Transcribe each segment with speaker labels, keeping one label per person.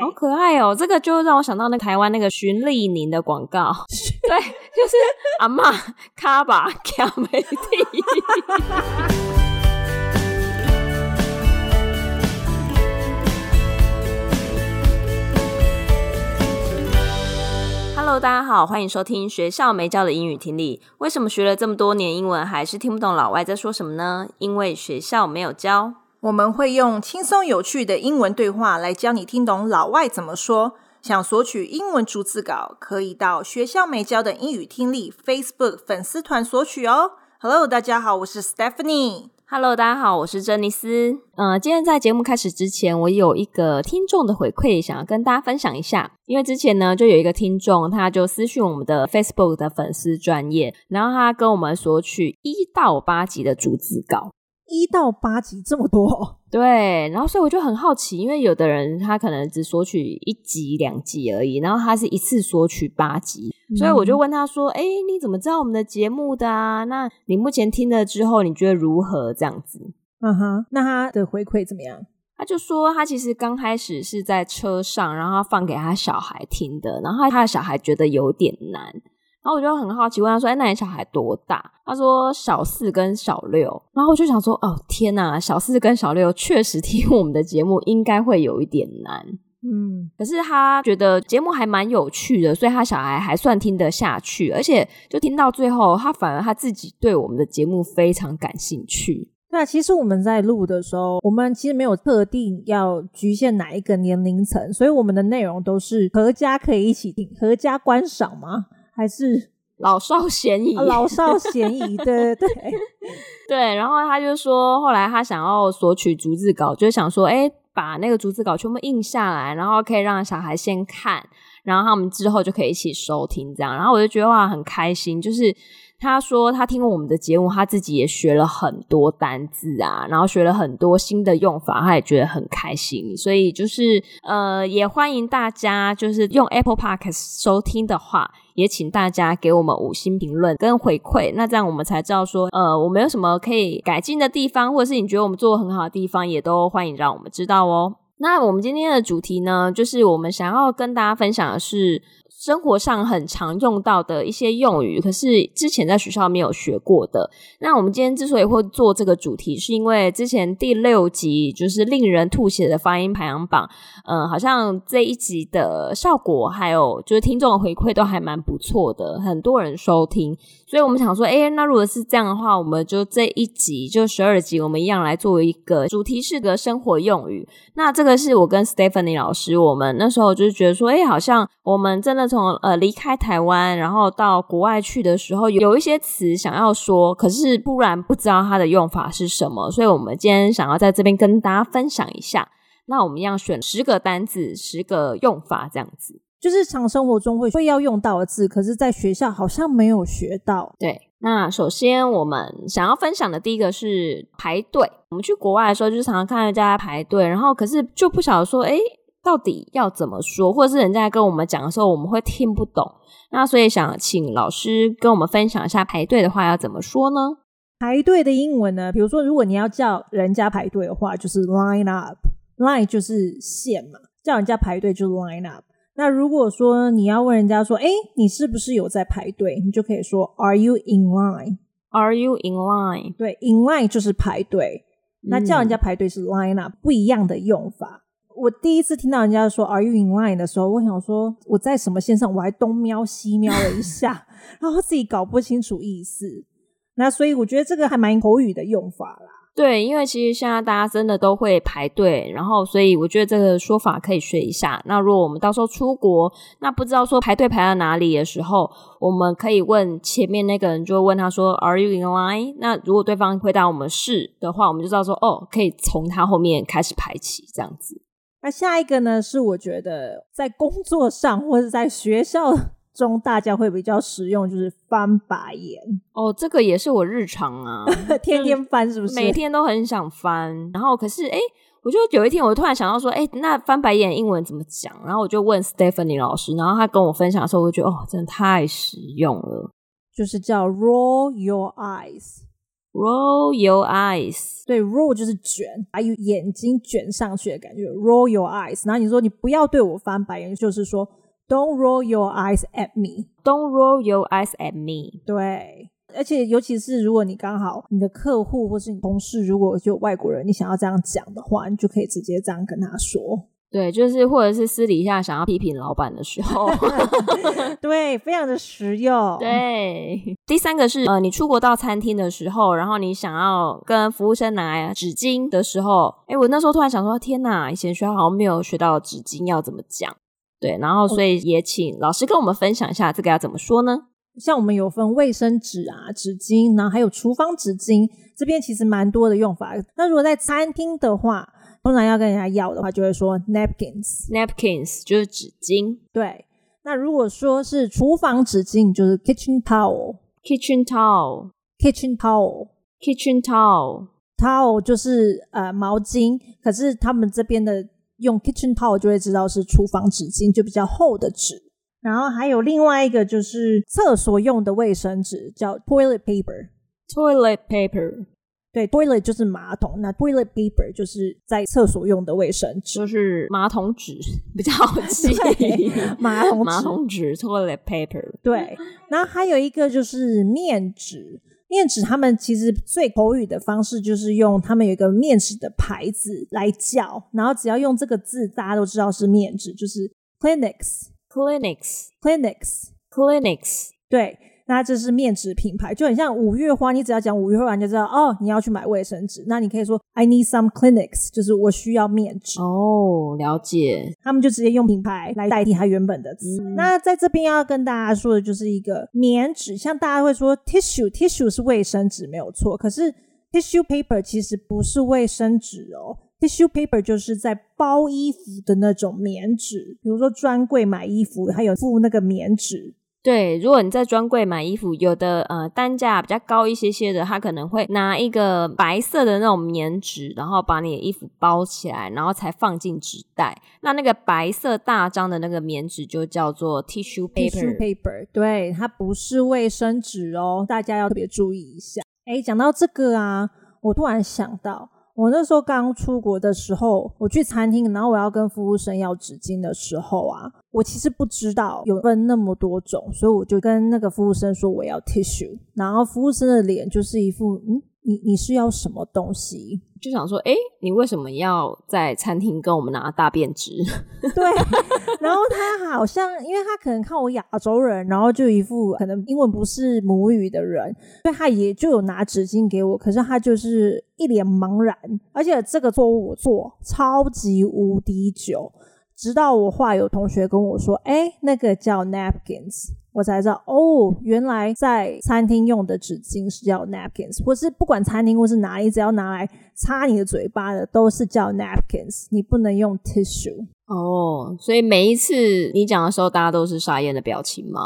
Speaker 1: 好可愛哦、喔！這個就讓我想到那台灣那個循利寧的廣告。是對，就是 阿嬤卡吧卡美蒂。 Hello，大家好，歡迎收聽學校沒教的英語聽力。為什麼學了這麼多年英文，還是聽不懂老外在說什麼呢？因為學校沒有教。
Speaker 2: 我們會用輕鬆有趣的英文對話來教你聽懂老外怎麼說。想索取英文逐字稿，可以到學校沒教的英語聽力 Facebook 粉絲團索取哦。Hello，大家好，我是 Stephanie。
Speaker 1: Hello，大家好，我是珍妮斯。嗯、呃，今天在節目開始之前，我有一個聽眾的回饋想要跟大家分享一下。因為之前呢，就有一個聽眾，他就私訊我們的 Facebook 的粉絲專頁，然後他跟我們索取一到八集的逐字稿。一到八集這麼多，對，然後所以我就很好奇，因為有的人他可能只索取一集兩集而已，然後他是一次索取八集，嗯、所以我就問他說：“哎、欸，你怎麼知道我們的節目的啊？那你目前聽了之後，你覺得如何這樣子，嗯哼，那他的回饋怎麼樣？”他就說他其實剛開始是在車上，然後放給他小孩聽的，然後他的小孩覺得有點難。.然後我就很好奇問他說：“哎，那你小孩多大？”他說：“小四跟小六。”然後我就想說：“哦，天哪！小四跟小六確實聽我們的節目應該會有一點難，嗯。可是他覺得節目還蠻有趣的，所以他小孩還算聽得下去。而且就聽到最後，他反而他自己對我們的節目非常感興趣。
Speaker 2: 那其實我們在錄的時候，我們其實沒有特定要局限哪一個年齡層，所以我們的內容都是合家可以一起聽、合家觀賞嗎？還
Speaker 1: 是老少咸宜，老少咸宜， 對對對對。然後他就說，後來他想要索取逐字稿，就想說，哎，把那個逐字稿全部印下來，然後可以讓小孩先看，然後他們之後就可以一起收聽這樣。然後我就覺得哇，很開心。就是他說他聽過我們的節目，他自己也學了很多單字啊，然後學了很多新的用法，他也覺得很開心。所以就是呃，也歡迎大家就是用 Apple Podcast 收聽的話。也請大家給我們五星評論跟回饋，那這樣我們才知道說，呃，我沒有什麼可以改進的地方，或者是你覺得我們做的很好的地方，也都歡迎讓我們知道哦。那我們今天的主題呢，就是我們想要跟大家分享的是生活上很常用到的一些用語，可是之前在學校沒有學過的。那我們今天之所以會做這個主題，是因為之前第六集就是令人吐血的發音排行榜，嗯、呃，好像這一集的效果還有就是聽眾的回饋都還蠻不錯的，很多人收聽，所以我們想說，哎，那如果是這樣的話，我們就這一集就十二集，我們一樣來作為一個主題式的生活用語。那這個。這是我跟 Stephanie 老師，我們那時候就是覺得說，哎、欸，好像我們真的從呃離開台灣，然後到國外去的時候，有一些詞想要說，可是突然不知道它的用法是什麼，所以我們今天想要在這邊跟大家分享一下。那我們要選十個單字，十個用法這樣子，就是日常生活中會會要用到的字，可是在學校好像沒有學到。對。那首先，我們想要分享的第一個是排隊。我們去國外的時候，就常常看到人家在排隊，然後可是就不曉得說，誒，到底要怎麼說，或者是人家跟我們講的時候，我們會聽不懂。那所以想請老師跟我們分享一下排隊的話要怎麼說呢？
Speaker 2: 排隊的英文呢，比如說如果你要叫人家排隊的話，就是 line up。line 就是線嘛，叫人家排隊就 line up。那如果說你要問人家說，哎，你是不是有在排隊？你就可以說，Are you in line？Are you in line？對，in line 就是排隊。那叫人家排隊是 line up，不一樣的用法。我第一次聽到人家說 Are you in line 的時候，我想說我在什麼線上？我還東瞄西瞄了一下， 然後自己搞不清楚意思。那所以我覺得這個還蠻口語的用法啦。
Speaker 1: 對，因為其實現在大家真的都會排隊，然後所以我覺得這個說法可以學一下。那如果我們到時候出國，那不知道說排隊排到哪裡的時候，我們可以問前面那個人，就會問他說，Are you in line？那如果對方回答我們是的話，我們就知道說，哦，可以從他後面開始排起這樣子。
Speaker 2: 那下一個呢，是我覺得在工作上或者在學校中大家會比較實用，
Speaker 1: 就是翻白眼哦。這個也是我日常啊， 天天翻是不是？是每天都很想翻。然後可是，哎，我就有一天，我突然想到說，哎，那翻白眼英文怎麼講？然後我就問 Stephanie 老師，然後他跟我分享的時候，我就覺得哦，真的太實用了，就是叫 roll your eyes，roll your eyes
Speaker 2: 對。對，roll 就是捲，把眼睛捲上去的感覺，roll your eyes。然後你說你不要對我翻白眼，就是說。Don't roll your eyes at me. Don't roll your eyes at me. 對，而且尤其是如果你剛好你的客戶或是你同事如果就外國人，你想要這樣講的話，你就可以直接這樣跟他說。對，就是或者
Speaker 1: 是私底下想要批評老板的時候， 對，非常的實用。對，第三個是呃，你出國到餐廳的時候，然後你想要跟服務生拿紙巾的時候，誒，我那時候突然想說，天哪，以前學校好像沒有學到紙巾要怎麼講。對，然後所以也請老師跟我們分享一下這個要怎麼說呢？
Speaker 2: 像我們有分衛生紙啊、紙巾，然後還有廚房紙巾，這邊其實蠻多的用法。那如果在餐廳的話，通常要跟人家要的話，就會說 napkins。
Speaker 1: napkins 就是紙巾。對。
Speaker 2: 那如果說是廚房紙巾，就是 kitchen towel。kitchen towel kitchen towel kitchen towel towel Tow 就是呃毛巾，可是他們這邊的。用 kitchen towel 就會知道是廚房紙巾，就比較厚的紙。然後還有另外一個就是廁所用的衛生紙，叫 toilet paper。toilet paper，對，toilet 就是馬桶，那 toilet paper 就是在廁所用的衛生紙，就是馬桶紙，
Speaker 1: 比較好記。 對，馬桶紙，馬桶紙，toilet paper。
Speaker 2: 對，然後還有一個就是面紙。面紙他們其實最口語的方式就是用他們有一個面紙的牌子來叫，然後只要用這個字，大家都知道是面紙，就是 Kleenex，Kleenex，Kleenex，Kleenex，對。那這是面紙品牌，就很像五月花。你只要講五月花，你就知道哦，你要去買衛生紙。那你可以說 I need some Kleenex，就是我需要面紙。哦，了解。他們就直接用品牌來代替它原本的字。嗯、那在這邊要跟大家說的，就是一個棉紙。像大家會說 tissue，tissue 是衛生紙，沒有錯。可是 tissue paper 其實不是衛生紙哦，tissue paper 就是在包衣服的那種棉紙，比如說專櫃買衣服，還有附那個棉紙。
Speaker 1: 對，如果你在專櫃買衣服，有的呃單價比較高一些些的，他可能會拿一個白色的那種棉紙，然後把你的衣服包起來，然後才放進紙袋。那那個白色大張的那個棉紙就叫做 tissue paper, Tissue paper，
Speaker 2: 對，它不是衛生紙哦，大家要特別注意一下。欸，講到這個啊，我突然想到。我那時候剛出國的時候，我去餐廳，然後我要跟服務生要紙巾的時候啊，我其實不知道有分那麼多種，所以我就跟那個服務生說我要 tissue，然後服務生的臉就是一副，嗯？你你是要什麼東
Speaker 1: 西？就想說，哎、欸，你為什麼要在餐廳跟我們拿大便紙？
Speaker 2: 對，然後他好像，因為他可能看我亞洲人，然後就一副可能英文不是母語的人，所以他也就有拿紙巾給我，可是他就是一臉茫然，而且這個錯誤我做超級無敵久，直到我畫友同學跟我說，哎、欸，那個叫 napkins。我才知道哦，原來在餐廳用的紙巾是叫 napkins，或是不管餐廳或是哪裡，只要拿來擦你的嘴巴的都是叫 napkins，你不能用 tissue。哦，oh,
Speaker 1: 所以每一次你講的時候，大家都是傻眼的表情嗎？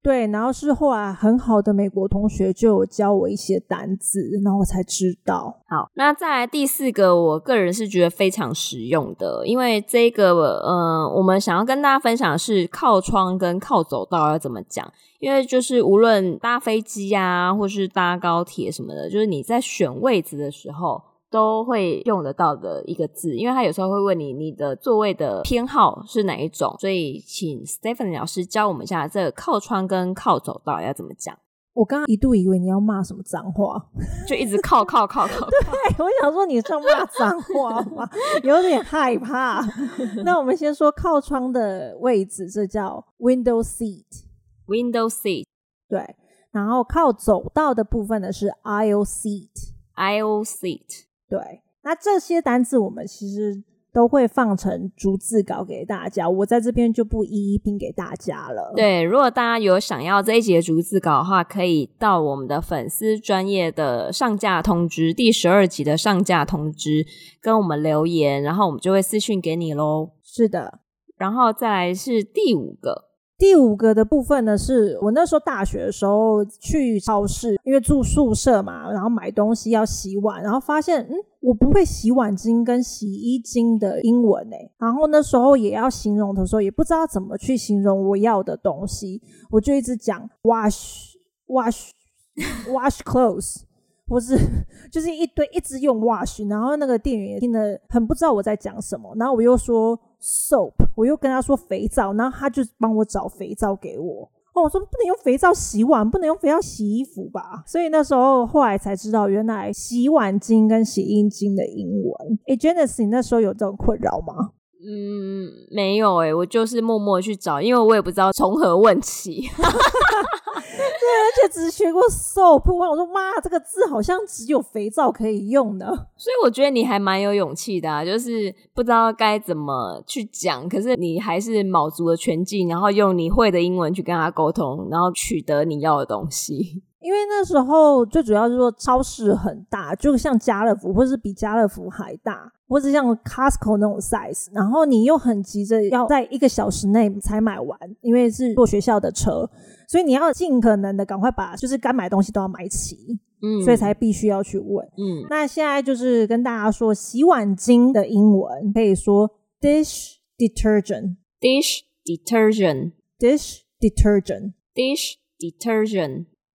Speaker 2: 對，然後是後來、啊、很好的美國同學就有教我一些單字，然後我才知道。好，
Speaker 1: 那再來第四個，我個人是覺得非常實用的，因為這個呃，我們想要跟大家分享的是靠窗跟靠走道要怎麼講，因為就是無論搭飛機啊，或是搭高鐵什麼的，就是你在選位置的時候。都會用得到的一個字，因為他有時候會問你，你的座位的偏好是哪一種？所以請 Stephen 老師教我們一下，這個靠窗跟靠走道要怎麼講。
Speaker 2: 我剛剛一度以為你要罵什麼髒話，就一直靠靠靠靠，靠，靠，靠。 對，我想說你要罵髒話嗎？有點害怕。 那我們先說靠窗的位置，這叫 window seat。
Speaker 1: window seat。
Speaker 2: 對，然後靠走道的部分呢，是 aisle seat。
Speaker 1: aisle seat。
Speaker 2: 對，那這些單字我們其實都會放成逐字稿給大家，我在這邊就不一一拼給大家了。對，
Speaker 1: 如果大家有想要這一節逐字稿的話，可以到我們的粉絲專業的上架通知，第十二集的上架通知跟我們留言，然後我們就會私訊給你咯。是的，然後再來是第五個。
Speaker 2: 第五個的部分呢，是我那時候大學的時候去超市，因為住宿舍嘛，然後買東西要洗碗，然後發現嗯，我不會洗碗巾跟洗衣巾的英文呢、欸。然後那時候也要形容的時候，也不知道怎麼去形容我要的東西，我就一直講 wash wash wash clothes。 不是，就是一堆一直用 wash，然後那個店員聽了很不知道我在講什麼，然後我又說 soap，我又跟他說肥皂，然後他就幫我找肥皂給我。哦，我說不能用肥皂洗碗，不能用肥皂洗衣服吧？所以那時候後來才知道，原來洗碗精跟洗衣精的英文。哎，Janice，你那時候有這種困擾嗎？嗯，
Speaker 1: 沒有哎、欸，我就是默默去找，因為我也不知道從何問起。
Speaker 2: 而且只學過 soap，我說媽，這個字好像只有肥皂可以用的。
Speaker 1: 所以我覺得你還蠻有勇氣的啊，就是不知道該怎麼去講，可是你還是卯足了全勁，然後用你會的英文去跟他溝通，然後取得你要的東西。
Speaker 2: 因為那時候最主要是說超市很大，就像家樂福，或是比家樂福還大，或是像 Costco 那種 size。然後你又很急着要在一個小時內才買完，因為是坐學校的車，所以你要盡可能的趕快把就是該買東西都要買齊，嗯，所以才必須要去問，嗯。那現在就是跟大家說洗碗精的英文可以說 dish detergent，dish detergent，dish detergent，dish
Speaker 1: detergent。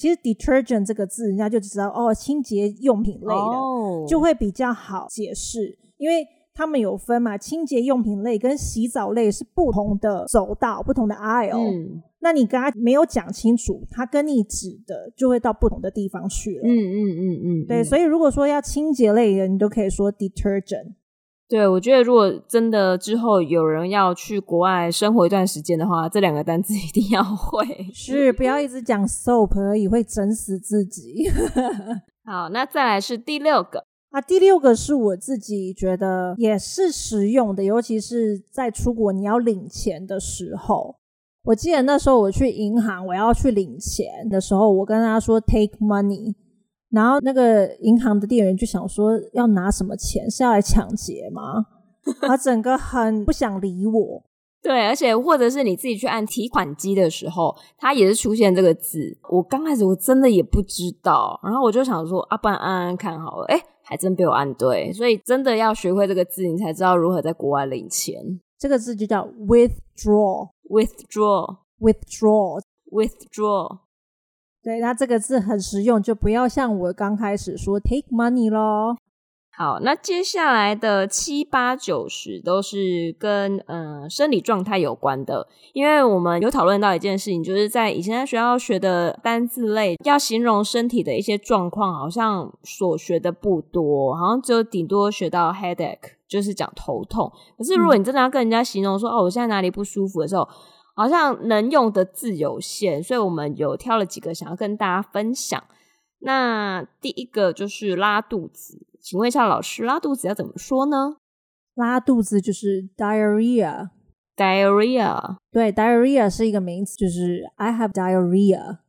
Speaker 2: 其實 detergent 這個字，人家就知道哦，清潔用品類的，oh。就會比較好解釋，因為他們有分嘛，清潔用品類跟洗澡類是不同的走道，不同的 aisle、嗯。那你剛剛沒有講清楚，他跟你指的就會到不同的地方去了。嗯嗯嗯嗯，嗯嗯嗯嗯對。所以如果說要清潔類的，你都可以說 detergent。
Speaker 1: 對，我覺得如果真的之後有人要去國外生活一段時間的話，這兩個單詞一定要會。是，不要
Speaker 2: 一直講 soap 而已，會整死自己。
Speaker 1: 好，那再來是第六個
Speaker 2: 啊，第六個是我自己覺得也是實用的，尤其是在出國你要領錢的時候。我記得那時候我去銀行，我要去領錢的時候，我跟他說 take money。然後那個銀行的店員就想說，要拿什麼錢，是要來搶劫嗎？他整個很不想理我。
Speaker 1: 對，而且或者是你自己去按提款機的時候，它也是出現這個字。我剛開始我真的也不知道，然後我就想說啊，不然按按看好了，誒還真被我按對。所以真的要學會這個字，你才知道如何在國外領錢。這個字就叫
Speaker 2: withdraw，withdraw，withdraw，withdraw。對，它這個字很實用，就不要像我剛開始說 take money 咯。
Speaker 1: 好，那接下來的七八九十都是跟，嗯，呃，生理狀態有關的，因為我們有討論到一件事情，就是在以前在學校學的單字類，要形容身體的一些狀況，好像所學的不多，好像只有頂多學到 headache，就是講頭痛。可是如果你真的要跟人家形容說，嗯，哦，我現在哪裡不舒服的時候，好像能用的字有限，所以我們有挑了幾個想要跟大家分享。那第一個就是拉肚子，請問一下老師，拉肚子要怎麼說呢？
Speaker 2: 拉肚子就是
Speaker 1: diarrhea，diarrhea，di
Speaker 2: 對，diarrhea 是一個名詞，就是 I have diarrhea，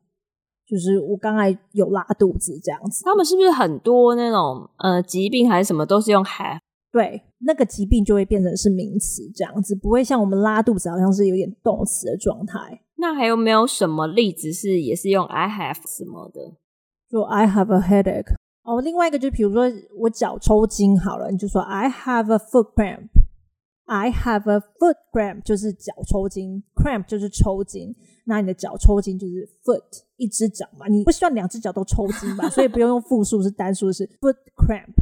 Speaker 2: 就是我剛才有拉肚
Speaker 1: 子這樣子。他們是不是很多那種呃疾病還是什麼都是用 have？
Speaker 2: 對。那個疾病就會變成是名詞這樣子，不會像我們拉肚子，好像是有點動詞的狀態。
Speaker 1: 那還有沒有什麼例子是也是用 I have 什麼的？就、so、
Speaker 2: I have a headache。哦，另外一個就是，比如說我腳抽筋好了，你就說 I have a foot cramp。I have a foot cramp 就是腳抽筋，cramp 就是抽筋。那你的腳抽筋就是 foot 一隻腳嘛，你不需要兩隻腳都抽筋吧， 所以不用用複數，是單數是 foot cramp。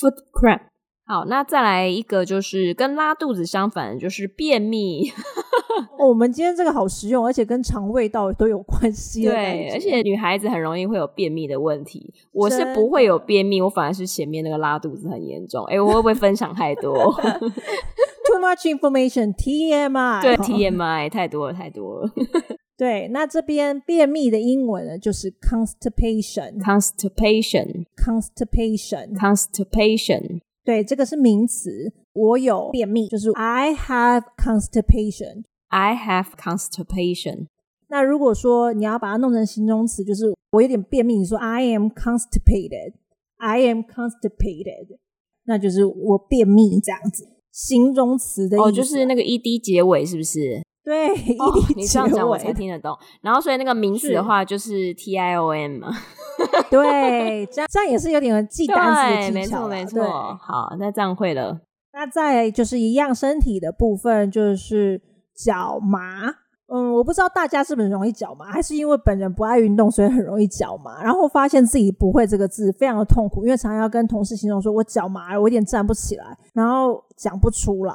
Speaker 2: foot cramp。
Speaker 1: 好，那再來一個，就是跟拉肚子相反，就是便秘、 哦。我們今天
Speaker 2: 這個好實用，而且跟腸胃道都有關係。對，而且
Speaker 1: 女孩子很容易會有便秘的問題。我是不會有便秘，我反而是前面那個拉肚子很嚴重。哎、欸，我會不會分享太多
Speaker 2: ？Too much information, TMI。對，TMI，
Speaker 1: 太多了，太多了。
Speaker 2: 對，那這邊便秘的英文呢，就是
Speaker 1: constipation，constipation，constipation，constipation。
Speaker 2: 對，這個是名詞。我有便秘，就是 I have constipation。
Speaker 1: I have constipation。
Speaker 2: 那如果說你要把它弄成形容詞，就是我有點便秘。你說 I am constipated。I am constipated。那就是我便秘這樣子。形容詞的哦，就是那
Speaker 1: 個 e d 結尾，是不是？對，e d 結尾。你這樣講我才聽得懂。得懂。然後，所以那個名詞的話，就是 t i o n 嘛。是
Speaker 2: 對，這樣也是有點記單詞的技巧，對，沒錯沒錯。對
Speaker 1: 好，那這樣會了。
Speaker 2: 那在就是一樣身體的部分，就是腳麻。嗯，我不知道大家是不是容易腳麻，還是因為本人不愛運動，所以很容易腳麻。然後發現自己不會這個字，非常的痛苦，因為常常要跟同事形容說“我腳麻了，我有點站不起來”，然後講不出來。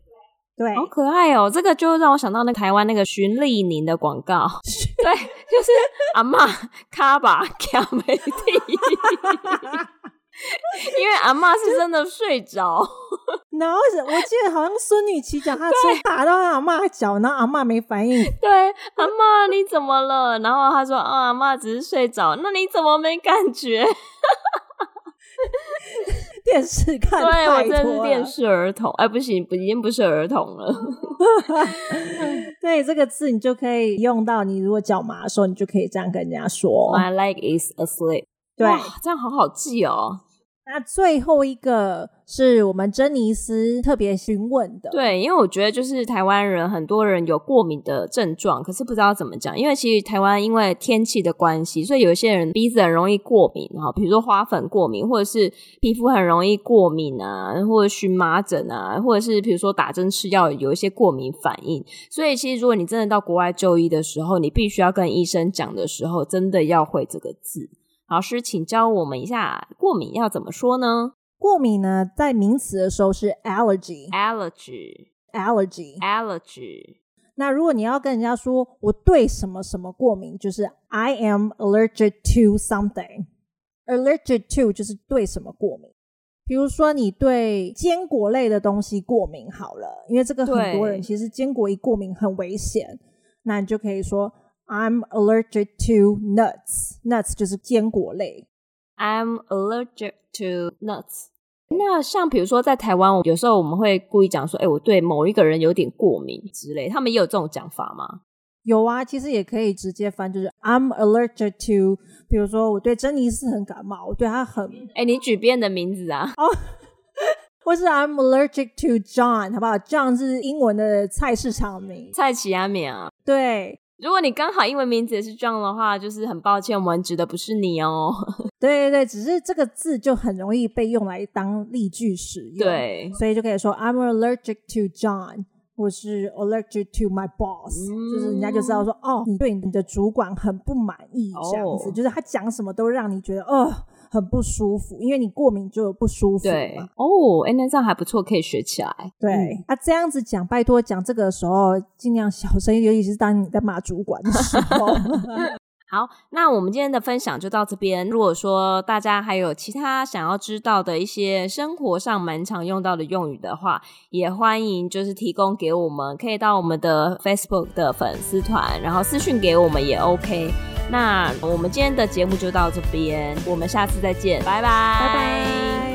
Speaker 1: 對好可愛哦、喔，這個就讓我想到那台灣那個循利寧的廣告，對，就是阿嬤卡巴卡梅蒂， 是因為阿嬤是真的睡着，然後、no, 我記得好像孫女騎腳踏車對打到阿嬤腳，然後阿嬤沒反應，對，阿嬤你怎麼了？然後他說啊、嗯，阿嬤只是睡着，那你怎麼沒感覺？ 電視看，真的是電視兒童。哎、啊，不行，已經不是兒童了。
Speaker 2: 對，這個字你就可以用到。你如果腳麻的時候，你就可以這樣跟人家說：My
Speaker 1: leg is asleep 對。對，這樣好好記哦。
Speaker 2: 那最後一個是我們珍妮斯特別詢問的，
Speaker 1: 對，因為我覺得就是台灣人很多人有過敏的症狀，可是不知道怎麼講，因為其實台灣因為天氣的關係，所以有一些人鼻子很容易過敏哈，比如說花粉過敏，或者是皮膚很容易過敏啊，或者蕁麻疹啊，或者是比如說打針吃藥有一些過敏反應，所以其實如果你真的到國外就醫的時候，你必須要跟醫生講的時候，真的要會這個字。老師，請教我們一下，過敏要怎麼說呢？過敏呢，
Speaker 2: 在名詞的時候是
Speaker 1: allergy，allergy，allergy，allergy。All er、
Speaker 2: 那如果你要跟人家說我對什麼什麼過敏，就是 I am allergic to something。Allergic to 就是對什麼過敏。比如說你對堅果類的東西過敏好了，因為這個很多人其實堅果一過敏很危險，對那你就可以說。I'm allergic to nuts. Nuts 就是堅果類。
Speaker 1: I'm allergic to nuts. 那像比如說在台灣，有時候我們會故意講說，哎、欸，我對某一個人有點過敏之類，他們也有這種講法嗎？
Speaker 2: 有啊，其實也可以直接翻，就是 I'm allergic to，比如說我對珍妮斯很感冒，我對他很，哎、
Speaker 1: 欸，你舉別人的名字啊？哦，oh,
Speaker 2: 或是 I'm allergic to John，好不好？John 是英文的菜市場名，
Speaker 1: 菜市仔名啊？對。如果你剛好英文名字也是 John 的話，就是很抱歉，我們指的不是你哦。對
Speaker 2: 對對，只是這個字就很容易被用來當例句使用，對所以就可以說 I'm allergic to John，或是 allergic to my boss，、嗯、就是人家就知道說哦，你對你的主管很不滿意、哦、這樣子，就是他講什麼都讓你覺得哦。很不舒服，因為你過敏就不舒服對哦，哎、oh, 欸，那這樣還不錯，可以學起來。對，那、嗯啊、這樣子講，拜託講這個的時候儘量小聲音，尤其是當你在罵主管的時
Speaker 1: 候。 好，那我們今天的分享就到這邊。如果說大家還有其他想要知道的一些生活上蠻常用到的用語的話，也歡迎就是提供給我們，可以到我們的 Facebook 的粉絲團，然後私訊給我們也 OK。那我們今天的節目就到這邊，我們下次再見，拜拜，拜拜。拜拜。